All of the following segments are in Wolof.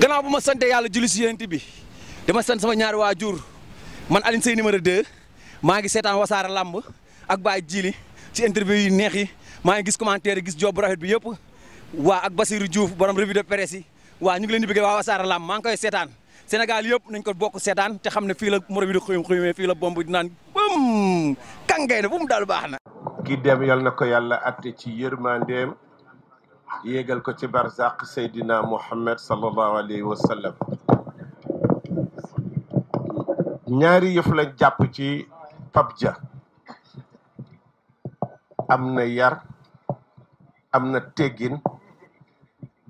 gannaaw bu ma santee yàlla julli si yéent bi dama sant sama ñaari waajur man Alioune Seye numéro 2 maa ngi seetaan wasaara làmb ak Baye Djili ci interview yi neex yi maa ngi gis commentaire gis job bu bi yëpp waa ak Basirou Diouf borom revue de presse yi waa ñu ngi leen di bëgg waa wasaara làmb maa ngi koy seetaan Sénégal yëpp nañ ko bokk seetaan te xam ne fii la moro bi di xuyum xuyumee fii la bomb di naan bam kàngay na bu mu daal baax na. ki dem yal na ko yàlla atte ci yërmandeem yéegal ko ci barzaq Seydina Muhammad sallallahu alayhi wa sallam ñaari yëf lañ jàpp ci pabja am na yar am na teggin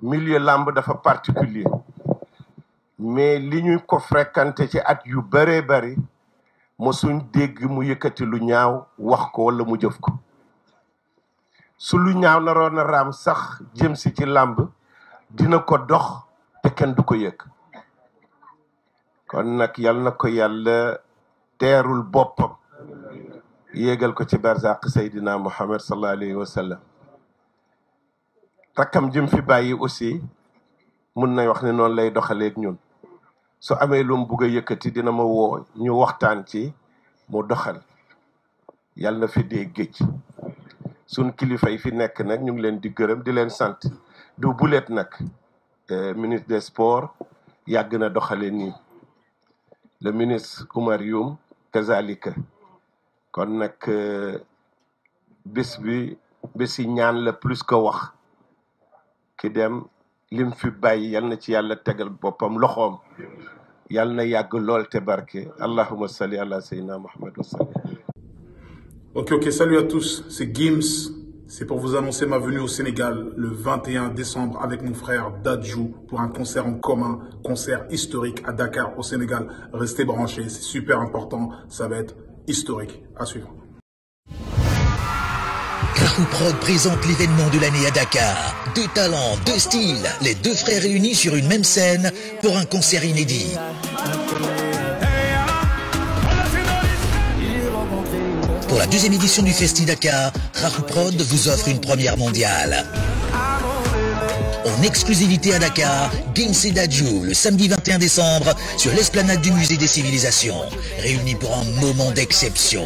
milieu làmb dafa particulier mais li ñu ko frekkante ci at yu bëree bëri mosuñ dégg mu yëkkati lu ñaaw wax ko walla mu jëf ko su lu ñaaw naroon a raam sax jëm si ci làmb dina ko dox te kenn du ko yëg kon nag yal ko yàlla terul boppam yéegal ko ci barzaq Seydina Muhammad sallallahu alayhi wa sallam rakkam jëm fi bàyyi aussi mun na wax ne noonu lay doxaleek ñun su amee lu mu bugg a yëkkati dina ma woo ñu waxtaan ci mu doxal yàlla na fi dee géej suñ kilifa yi fi nekk nag ñu ngi leen di gërëm di leen sant du bulet nag eh, ministre des sports yàgg na doxale nii le ministre Oumar Youm kazalika kon nag eh, bis bi bési ñaan la plus que wax ki dem lim fi bàyyi yal na ci yàlla tegal boppam loxoom yal na yàgg lool te barke allahuma salli ala sayyidina muhammad wa Ok, ok, salut à tous, c'est Gims. C'est pour vous annoncer ma venue au Sénégal le 21 décembre avec mon frère Dadjou pour un concert en commun, concert historique à Dakar au Sénégal. Restez branchés, c'est super important, ça va être historique. À suivre. Rahou Prod présente l'événement de l'année à Dakar. Deux talents, deux styles, les deux frères réunis sur une même scène pour un concert inédit. Pour la deuxième édition du Festi Dakar, Rahou Prod vous offre une première mondiale. En exclusivité à Dakar, Gims Dadju, le samedi décembre, sur l'esplanade du Musée des Civilisations, réunis pour un moment d'exception.